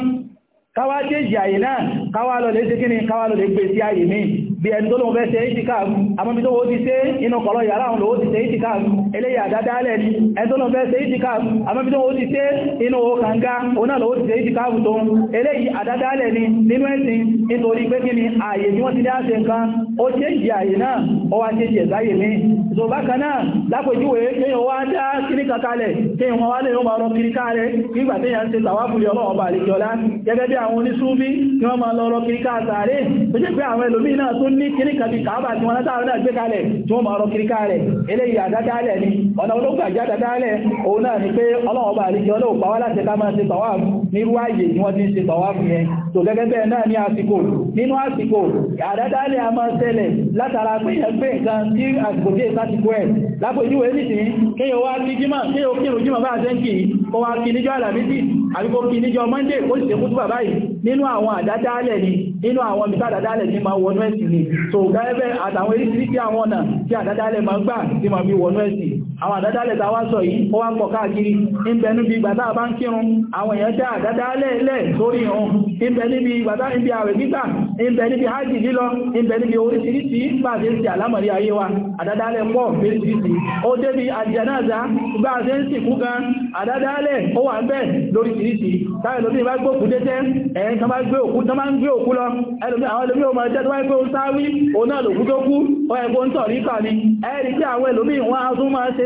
káwá jẹ́jì àyè náà káwá lọ lè ṣe kí ni káwá lọ lè gbé sí àyè mi bí ẹni tó lóun fẹ́ ṣe ìtìkáàmù àmọ́bí tó wó ti ṣe inú kọ̀lọ̀ yàrá òun lòó ti ṣe ìtìkáàmù eléyà dáadáalẹ̀ ni ẹni tó lóun fẹ́ ṣe ìtìkáàmù àmọ́bí ti ṣe inú kànga òun ti ṣe ìtìkáàmù ni nínú ni ààyè tí wọ́n ti dá ṣe nǹkan ó ṣe jì ààyè náà ó wá ṣe jì ẹ̀sáyè mi tó bákan náà lápòjúwe kéèyàn wá dá kíní kankalẹ̀ àwọn oníṣúbí ni wọ́n máa lọ́rọ̀ kiri káàtàrí tó jẹ́ pé àwọn ẹlòmí náà tó ní kiri kàbí kàábà tí wọ́n látàrí náà gbé kalẹ̀ tí wọ́n máa rọ kiri káàrẹ̀ eléyìí àdádálẹ̀ ni ọ̀nà olóògbà jádádálẹ̀ òun náà ni pé ọlọ́wọ́ bá rí kí ọlọ́wọ́ pa wá láti ká máa ṣe tọ̀wá nírú ààyè ni wọ́n ti ń ṣe tọ̀wá fún yẹn tó gẹ́gẹ́ kó wá kí níjọ́ àlàmísì àbí kó kí níjọ́ monday kó sì ṣe kútùbà báyìí nínú àwọn àdádálẹ̀ ni nínú àwọn ibi tàdádálẹ̀ ní ma wọnú ẹ̀sìn ni so gáẹ́bẹ́ àtàwọn eréṣiríṣi àwọn ọ̀nà tí àdádálẹ̀ máa ń gbà tí ma fi wọnú ẹ̀sìn àwọn àdádálẹ̀ tàwà sọ yìí ó wá ń pọ̀ káàkiri ìbẹ̀ níbi ìgbàtà bá ń kírun àwọn èèyàn tẹ́ àdádálẹ̀ ilẹ̀ lórí ọ̀hún ìbẹ̀ níbi ìgbàtà níbi àwẹ̀ gbígbà ìbẹ̀ níbi hajj lílọ ìbẹ̀ níbi oríṣiríṣi gbàdé ti àlámọ̀rí ayé wa àdádálẹ̀ pọ̀ oríṣiríṣi ó débi àjànáza gbàdé ń sìnkú gan àdádálẹ̀ ó wà ń bẹ̀ lóríṣiríṣi táwọn ẹlòmíì bá gbé òkú dédé ẹ̀yìn kan bá gbé òkú tán bá ń gbé òkú lọ àwọn ẹlòmíì ọmọ ẹjẹ́ tó wáyé pé ó sáwí òun náà lòkú tó kú ọ ẹ̀kọ́ ń tọ̀ rí kà ní ẹ̀rí tí àwọn ẹlòmíì wọ́n á tún máa ṣe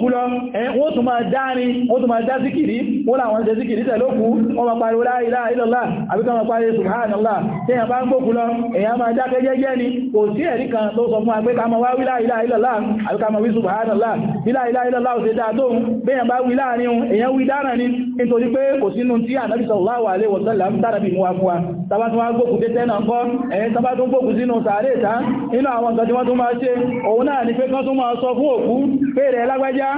kú lọ wọ́n tún máa dárin wọ́n tún máa dá síkìrí wọ́n láwọn jẹ síkìrí tẹ̀lókù wọ́n máa pariwo la ilaha illallah àbíkọ́ máa pariwo subhanallah tí ni kò sí ẹ̀rí kan tó sọ fún agbé kama wá wí la ilaha illallah àbíkọ́ máa wí subhanallah bí la ilaha illallah ò ṣe dáa tó bí èyàn bá wa fún wa tàbá tún wá gbókù tẹ́tẹ́ náà kọ́ ẹ̀yìn tàbá tún gbókù sínú sàárè ìta nínú àwọn nǹkan tí wọ́n tún máa ṣe òun náà ni pé sọ fún òkú pé rẹ̀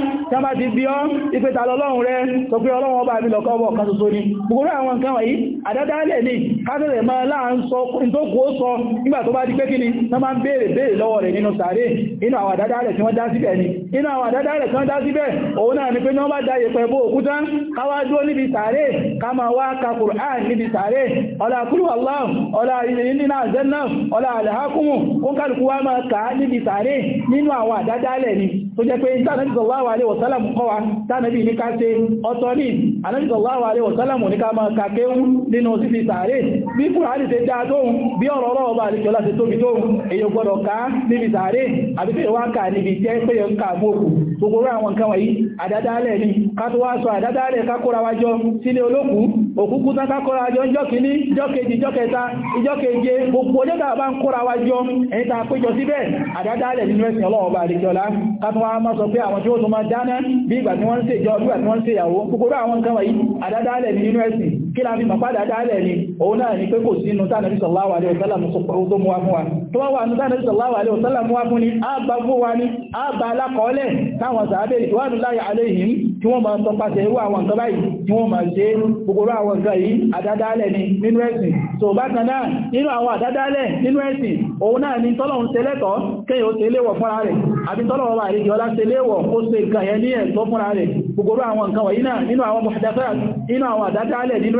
tí wọ́n bá ti bí ọ́ ìpẹta lọ́lọ́run rẹ sọ pé ọlọ́run ọba mi lọ́kọ́ ọwọ́ kan ṣoṣo ni gbogbo àwọn nǹkan wọ̀nyí àdádálẹ̀ ní kásẹ̀lẹ̀ máa láàá ń sọ ìtókù ó sọ nígbà tó bá di pé kíni tó máa ń béèrè béèrè lọ́wọ́ rẹ̀ nínú sàárè inú àwọn àdádálẹ̀ tí wọ́n dá síbẹ̀ ni inú àwọn àdádálẹ̀ tí wọ́n dá síbẹ̀ òun náà ni pé wọ́n bá da yẹ̀pẹ̀ bó òkúta káwá dúró níbi sàárè ká máa wá ka Qur'an níbi sàárè ọlá kúrú Allah ọlá ìrìnà àjẹ́nà ọlá àlàákùnmù kó kálukú wá máa kà á níbi sàárè nínú àwọn àdádálẹ̀ ni tó jẹ́ pé ìtànà sallallahu alaihi wasallam kọ́ wa tánàbí ní ká ṣe ọ̀tọ̀ ní anábì sallallahu alaihi wasallam ní ká máa kàkéwú nínú sífi sàárè bí kùránì ṣe dáa tóhun bí ọ̀rọ̀ ọlọ́wọ́ bá àlejò láti tóbi tóhun èyí gbọ́dọ̀ ká níbi sàárè àbí pé wá kà níbi jẹ́ pé yẹn ká gbóòkù gbogbo àwọn nǹkan wọ̀nyí àdádálẹ̀ ni ká tó wá sọ àdádálẹ̀ ká kóra wájọ sílé olókù òkúkú tán ká kóra wájọ ìjọ́ kìíní ìjọ́ kejì ìjọ́ kẹta ìjọ́ keje gbogbo ọjọ́ tá ba bá ń kóra wájọ èyí tá a péjọ síbẹ̀ àdádálẹ̀ nínú ẹ̀sìn ọlọ́wọ́ bá àlejò lá ká tó wá má sọ pé àwọn tí ó máa dáná bí ìgbà tí wọ́n ń ṣe ìjọ bí ìgbà tí wọ́n ń ṣe ìyàwó gbogbo àwọn nǹkan wọ̀nyí àdádálẹ̀ nínú ẹ̀sìn kí la fi mọ̀ padà dáálẹ̀ ni òun náà ni pé kò sí inú tánàbí sallallahu alaihi wasallam tó mú wá fún wa tó wá wà ní tánàbí sallallahu alaihi wasallam mú wá fún ni a bá fún wa ní a bá alákọọ́lẹ̀ táwọn sàábẹ̀ ìwádùnláyà aléhìn tí wọ́n máa tọpasẹ̀ irú àwọn nǹkan báyìí tí wọ́n máa ṣe gbogbo àwọn nǹkan yìí àdádálẹ̀ ni nínú ẹ̀sìn so bákan náà nínú àwọn àdádálẹ̀ nínú ẹ̀sìn òun náà ni tọ́lọ̀un tẹ́lẹ́tọ̀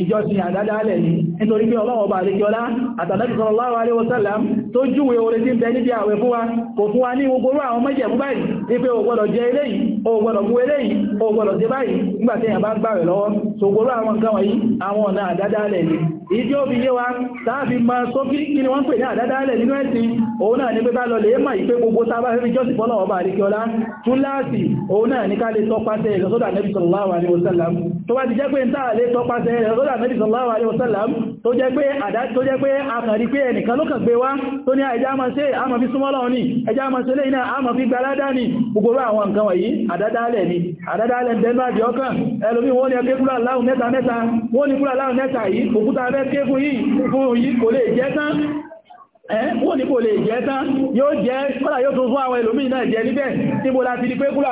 ìjọsìn àdádálẹ̀ ni nítorí pé ọlọ́wọ́ bá àríkíọlá àtàlẹ́bìsọ̀rọ̀láwà àríwọ̀sálàm tó júwe oore tí ń bẹ níbi àwẹ̀ fún wa kò fún wa ní gbogbo àwọn mọ́jẹ̀mú báyìí ní pé o gbọ́dọ̀ jẹ eléyìí o mú eléyìí o jẹ báyìí nígbàtí ẹ̀yà bá ń gbàwẹ̀ lọ́wọ́ so gbogbo àwọn nǹkan wọ̀nyí àwọn ọ̀nà àdádálẹ̀ ni ìdí òbí yé wa tàbí ma sókí kí ni wọ́n pè ní àdádálẹ̀ nínú ẹ̀sìn òun náà ní pé bá gbogbo jọ́sìn fọ́nà ọba òun náà ní ká lè ìlọsọ́dà nẹ́bí tó bá ti jẹ́ pé ń tàà lè ìlọsọ́dà nẹ́bí tó jẹ́ pé àdá tó jẹ́ pé àkàrí pé ẹnìkan ló kàn gbé wá tó ní ẹjá ma ṣe àmà fi súnmọ́ ní ẹjá ma ṣe lẹ́yìn náà àmà fi gbaládá ní gbogbo àwọn nǹkan wọ̀nyí àdádálẹ̀ ni àdádálẹ̀ ń tẹ́lú àjẹ́ ọkàn ẹlòmí wọ́n ní ẹgbẹ́ kúrò láhùn mẹ́ta mẹ́ta wọ́n ní kúrò láhùn mẹ́ta yìí òkúta fẹ́ ké fún yìí fún yìí kò lè jẹ́ tán wọ́n ní kò lè jẹ́ tán yóò jẹ́ kọ́lá yóò tún fún àwọn ẹlòmí náà jẹ́ níbẹ̀ níbo láti rí pé kúrò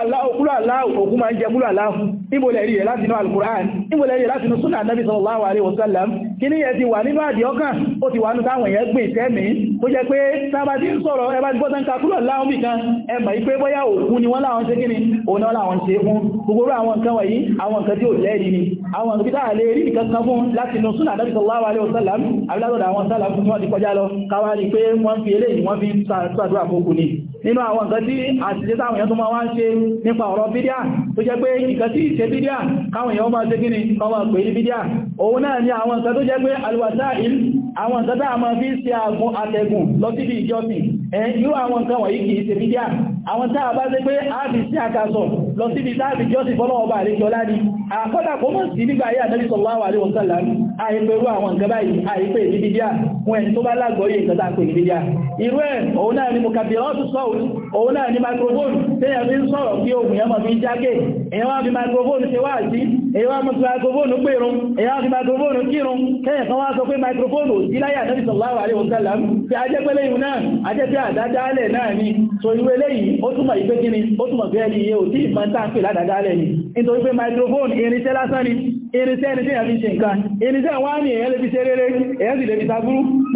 aláhùn òkú máa ń jẹ kúrò aláhùn ìbòlẹ̀ rí rẹ̀ láti inú al-Qur'an ìbòlẹ̀ rí láti inú súnà Nabi sallallahu alaihi wasallam kí ní ẹ̀ ti wà nínú àdì ọkàn ó ti wà ní táwọn èèyàn gbìn tẹ́mì tó jẹ́ pé sábà tí ń sọ̀rọ̀ ẹbá ti gbọ́ta ń ka kúrò láwọn bì kan ẹmà ipé bóyá òkú ni wọ́n láwọn ni àwọn nǹkan tí a Nabi sallallahu alaihi wasallam àbíládọ̀dọ̀ àwọn sálà fún wọn ti kọjá lọ káwá rí pé wọ́n fi eléyìí ni nínú àwọn nǹkan tí àṣìṣe táwọn èèyàn tó máa wá ń ṣe nípa ọ̀rọ̀ bídíà tó jẹ́ pé nǹkan tí ìṣ ṣe bídíà káwọn èèyàn máa ṣe gíní kọmọ pè ní bídíà òun náà ni àwọn ǹkan tó jẹ́ pé alwasa'il àwọn ǹkan tá a máa fi ṣe àgùn àtẹ̀gùn lọ sí ibi ìjọsìn ẹ̀yìn àwọn ǹkan wọ̀nyí kìí ṣe bídíà àwọn tá bá ṣe pé a fi sí àkàsọ̀ lọ síbi láàrin jọ́sì fọ́lọ́ọ̀bà àríkẹ́ ọlá ní àkọ́dà kó mọ̀ sí nígbà ayé ànábì sallallahu alaihi wasallam àìpẹ̀rú àwọn nǹkan báyìí àìpẹ̀ ìdíbídíà wọn ẹni tó bá lágbọ́yé nǹkan tàà ni mo kàbí ọ́tù sọ́ọ̀t ni microphone tẹ́yà fi ń sọ̀rọ̀ kí ohun yẹn mọ̀ fi ń jágé èèyàn èyíwá microphone pèrún èyíwá fi microphone kírun kẹ́yẹ̀ kan wá sọ pé microphone ò sí láyà Ànábì sallallahu alaihi wasallam tí a jẹ́ pé lẹ́yìn náà a jẹ́ pé àdádálẹ̀ náà ni so irú eléyìí ó túmọ̀ ìpé kíni ó túmọ̀ pé iye ò tí ìmọ̀ ń nítorí pé microphone irinṣẹ́ lásán ni irinṣẹ́ ẹni tí èyàn fi ṣe nǹkan irinṣẹ́ wá ní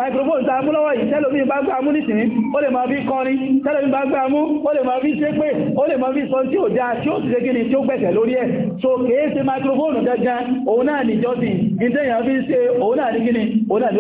microphone ta mú lọ́wọ́ yìí tẹ́lómi bá gbá mú nìsìn ó lè máa fi kọrin tẹ́lómi bá gbá mú ó lè máa fi ṣe pé ó lè máa fi sọ microphone gangan òun náà ní jọ́sìn ìdẹ́ èyàn fi ṣe òun náà ní kíni òun náà ni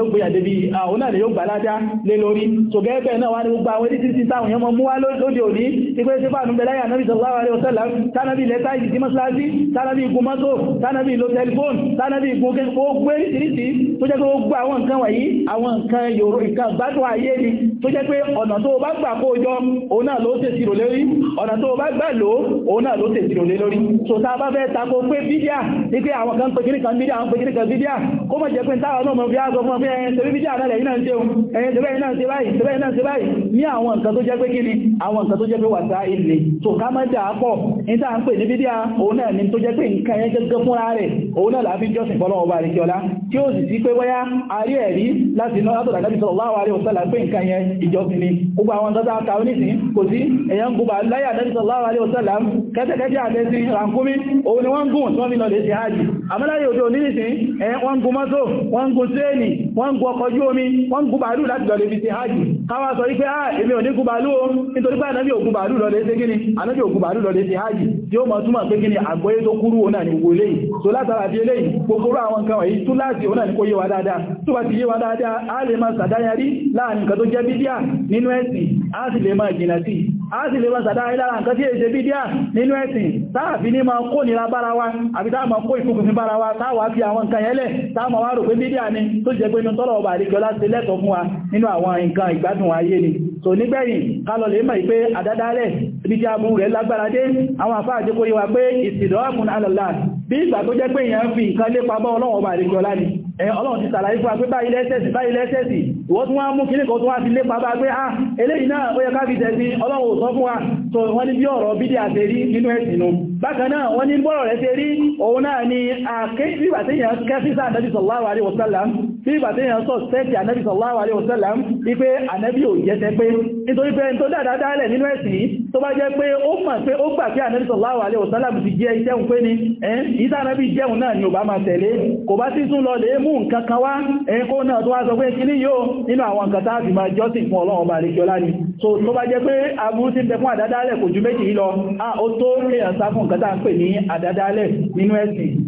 so gẹ́gẹ́ bẹ́ẹ̀ náà wá ní gbogbo àwọn edisi tí táwọn èèyàn mọ mú wá lóde òní ipé ṣe bá nùbẹ̀láyà náà bí sọ̀rọ̀ láwárí ọ̀sẹ̀lá tánàbí lẹ́tà ìdí mọ́sálásí tánàbí tẹlifóòn tánàbí ìgbókè gbogbo ìrísí tó jẹ́ pé ó gbọ́ àwọn nǹkan wọ̀nyí àwọn nǹkan yòrò ìkan gbádùn ayé ni tó jẹ́ pé ọ̀nà tó bá gbà kó jọ òun náà ló tèsì rò lórí ọ̀nà tó bá gbà lò òun náà ló tèsì rò lórí so tá bá fẹ́ tako pé bídíà ní pé àwọn kan pẹ̀kiri kan bídíà àwọn pẹ̀kiri kan bídíà kó mọ̀ jẹ́ pé táwọn náà mọ̀ bí aago fún ọ pé ẹyẹn tẹ̀lé bídíà náà lẹ́yìn náà ń ṣeun ẹyẹn tẹ̀lé náà ṣe báyìí tẹ̀lé náà ṣe báyìí ní àwọn nǹkan tó jẹ́ pé kí ni àwọn nǹkan tó jẹ́ pé wàtá ilé so ká mọ́ jà á pọ̀ ní tá à ń pè ní bídíà òun náà ni tó jẹ́ pé nǹkan yẹn gẹ́gẹ́ fúnra rẹ̀ òun náà láàfin jọ́sìn fọ́lọ́wọ́ ọba àríkíọlá tí ó sì sí pé wáyá àrí ẹ̀rí láti iná látọ̀dà lábí sọ̀rọ̀ láwà rí òsàlà pé nǹkan yẹn ìjọsìn ni gbogbo àwọn tọ́ta ta onísìn kò sí èyàn gbogbo láyà lábí sọ̀rọ̀ láwà rí òsàlà kẹ́tẹ́kẹ́tẹ́ àtẹ́sìn ràǹkúmí òun ni wọ́n gùn tí wọ́n fi lọ lè ṣe àjì àmọ́láyà òjò onísìn wọ́n gùn mọ́tò wọ́n gùn tréènì wọ́n ń gun ọkọ̀ ojú omi wọ́n ń gun bàálù láti lọ lè fi ṣe hajj káwà sọ wípé àà ah, èmi ò ní gun bàálù o nítorí pé ànábì ògun bàálù lọ lè ṣe gíní ànábì ògun bàálù lọ lè ṣe hajj tí ó mọ̀ túmọ̀ pé gíní àgbọ́yé tó kúrú òun náà ní gbogbo eléyìí so látara bí eléyìí gbogbo àwọn nǹkan wọ̀nyí tún láti òun náà ní kó yé wa dáadáa tó bá ti yé wa dáadáa a lè máa sàdáyarí láàrin nǹkan tó jẹ́ bídíà nínú ẹ̀sìn a sì lè máa jìnà sí a sì lè wọ́n sàdára eze nǹkan tí èṣe bí díà nínú ẹ̀sìn ní ma kó nira bára wa àbí táàmà kó ìfúnkù taa bára wa táàwà fi àwọn nǹkan yẹlẹ̀ ma wá rò pé bídíà ni tó jẹ́ pé inú tọ́lọ̀ ọba àríkọlá ti lẹ́tọ̀ fún wa nínú àwọn nǹkan ìgbádùn ni so nígbẹ̀yìn kálọ̀ lè mọ̀ pé àdádálẹ̀ ibi ọlọ́run ti sàlàyé fún agbé báyìí lẹ́sẹ̀sì báyìí lẹ́sẹ̀sì ìwọ́n tún wá mú kí nìkan tún wá fi lépa bá gbé ah eléyìí náà ó yẹ ká fi tẹ̀sí ọlọ́run ò sọ fún wa tó wọ́n ní bí ọ̀rọ̀ bídí àtẹ́rí nínú ẹ̀sìnú bákan náà wọ́n ní bọ́rọ̀ rẹ̀ tẹ́rí òun náà ni àkéjì bí ìgbà tí èèyàn sọ sẹ́ẹ̀tì ànẹ́bì sallallahu alaihi wasallam wípé ànẹ́bì ò jẹ́ tẹ́ pé nítorí pé tó dáadáa dálẹ̀ nínú ẹ̀sìn yìí tó bá jẹ́ pé ó mọ̀ pé ó gbà pé ànẹ́bì sallallahu alaihi wasallam ti jẹ́ iṣẹ́hun pé ni ẹ̀yìn ìta ànẹ́bì jẹ́hun náà ni ò bá máa tẹ̀lé kò bá sí tún lọ lè mú nǹkan kan wá ẹ̀yìn kó náà tó wá sọ pé kíní yóò nínú àwọn nǹkan tá a fi máa jọ́sìn fún ọlọ́run ọba àríkíọlá ni so tó bá jẹ́ pé aburú ti ń bẹ fún àdádálẹ̀ kò ju méjì yìí lọ a ó tó kéèyàn sá fún nǹkan tá à ń pè ní àdádálẹ̀ nínú ẹ̀sìn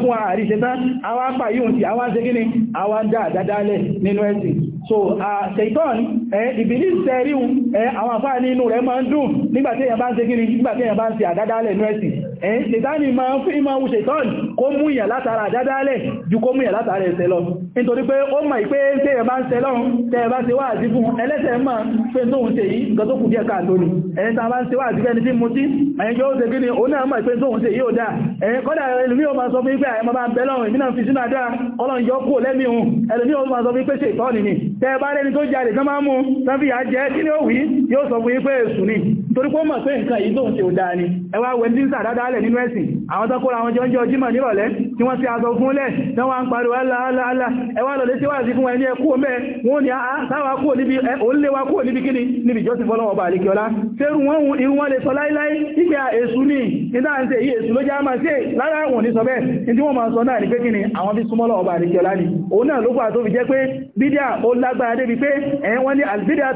fún àríṣẹ́ tán àwọn apá yíò tí àwọn ṣe gíní àwọn dáadáadáalẹ̀ nínú ẹ̀sìn so ṣeìtọ́n ìbìlì sẹ́ríun àwọn àfáà ní inú rẹ̀ máa ń dùn nígbàtí èyàn bá ń ṣe gíní nígbàtí èyàn bá ń ṣe àdádálẹ̀ nínú ẹ̀sìn ṣètánì máa ń fi máa ń ṣeìtọ́n kó múyàn látara àdádálẹ̀ ju kó múyàn látara ẹ̀ṣẹ̀ lọ nítorí pé ó mọ̀ pé tẹ́ ẹ̀ bá ń ṣẹlọ́n tẹ́ ẹ̀ bá ṣe wáàdí fún ẹlẹ́ṣẹ̀ mọ̀ pé tóun ṣe yìí nǹkan kù díẹ̀ káàtó ni ẹni tá a bá ń ṣe wáàdí fẹ́ni tí mutí ẹ̀yìn yóò ṣe kí ni òun náà mọ̀ pé tóun ṣe yìí ò dáa ẹ̀yìn kọ́dà ẹlòmí ò máa sọ fún pé àyẹ̀mọ́ ni tẹ́ ẹ bá rẹni tó jáde tán máa mú tán fi yà jẹ́ kí ni ó wí torí pé mọ̀ pé nǹkan yìí tóun ṣe ò dáa ni ẹwà wẹ́ndí ń sàdádálẹ̀ nínú ẹ̀sìn àwọn tọ́kọ́ra àwọn jọjọ́ jímọ̀ nírọ̀lẹ́ tí wọ́n ti aṣọ fúnlẹ̀ tí wọ́n ń pariwo aláàlá ẹwà lọ lé tí wọ́n ni àtàwà kúrò níbi òǹlẹ́wà kúrò níbi kíni níbi ìjọsìn fọ́lọ́wọ́ bà àríkẹ́ọlá tẹ́rù wọ́n hun irun wọ́n lè sọ láíláí ìgbà èṣù ní ìdá ń tẹ̀ yí èṣù ló já máa ṣe lára wọn ní sọ bẹ́ẹ̀ ní tí wọ́n máa sọ ni òun náà ló pàtó fi jẹ́ pé bídíà ó lágbára débi pé ẹ̀yẹn wọ́n ní albídíà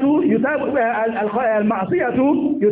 tú yùtá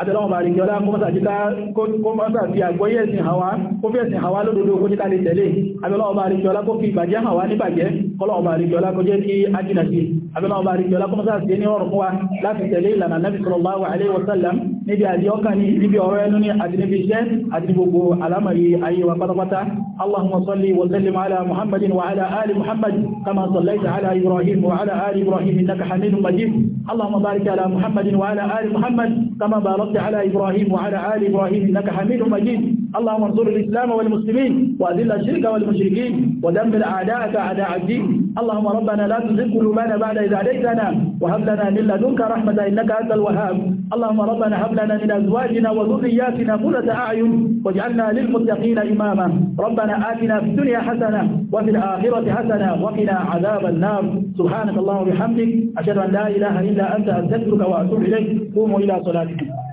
adọ́lọ́wọ́ bá ríkẹ́ ọlá kọmọ́sà fi àgbọ́yé ẹ̀sìn hawa kó fi ẹ̀sìn hawa lódòdó kó ní kálẹ̀ tẹ̀lé adọ́lọ́wọ́ bá ríkẹ́ ọlá kó fi ìbàjẹ́ hawa ní bàjẹ́ kọlọ́wọ́ bá ríkẹ́ ọlá kó jẹ́ kí ajínà adọ́lọ́wọ́ bá ríkẹ́ ọlá kọmọ́sà sí ní ọrùn wa láti اللهم بارك على محمد وعلى آل محمد كما باركت على إبراهيم وعلى آل إبراهيم إنك حميد مجيد اللهم انصر الإسلام والمسلمين وأذل الشرك والمشركين ودمر أعداءك أعداء الدين اللهم ربنا لا تزغ قلوبنا بعد إذ هديتنا وهب لنا من لدنك رحمة إنك أنت الوهاب اللهم ربنا هب لنا من أزواجنا وذرياتنا قرة أعين واجعلنا للمتقين إماما ربنا آتنا في الدنيا حسنة وفي الآخرة حسنة وقنا عذاب النار سبحانك اللهم وبحمدك أشهد أن لا إله إلا إلا أنت أن تترك وأتوب إليه قوموا إلى صلاتكم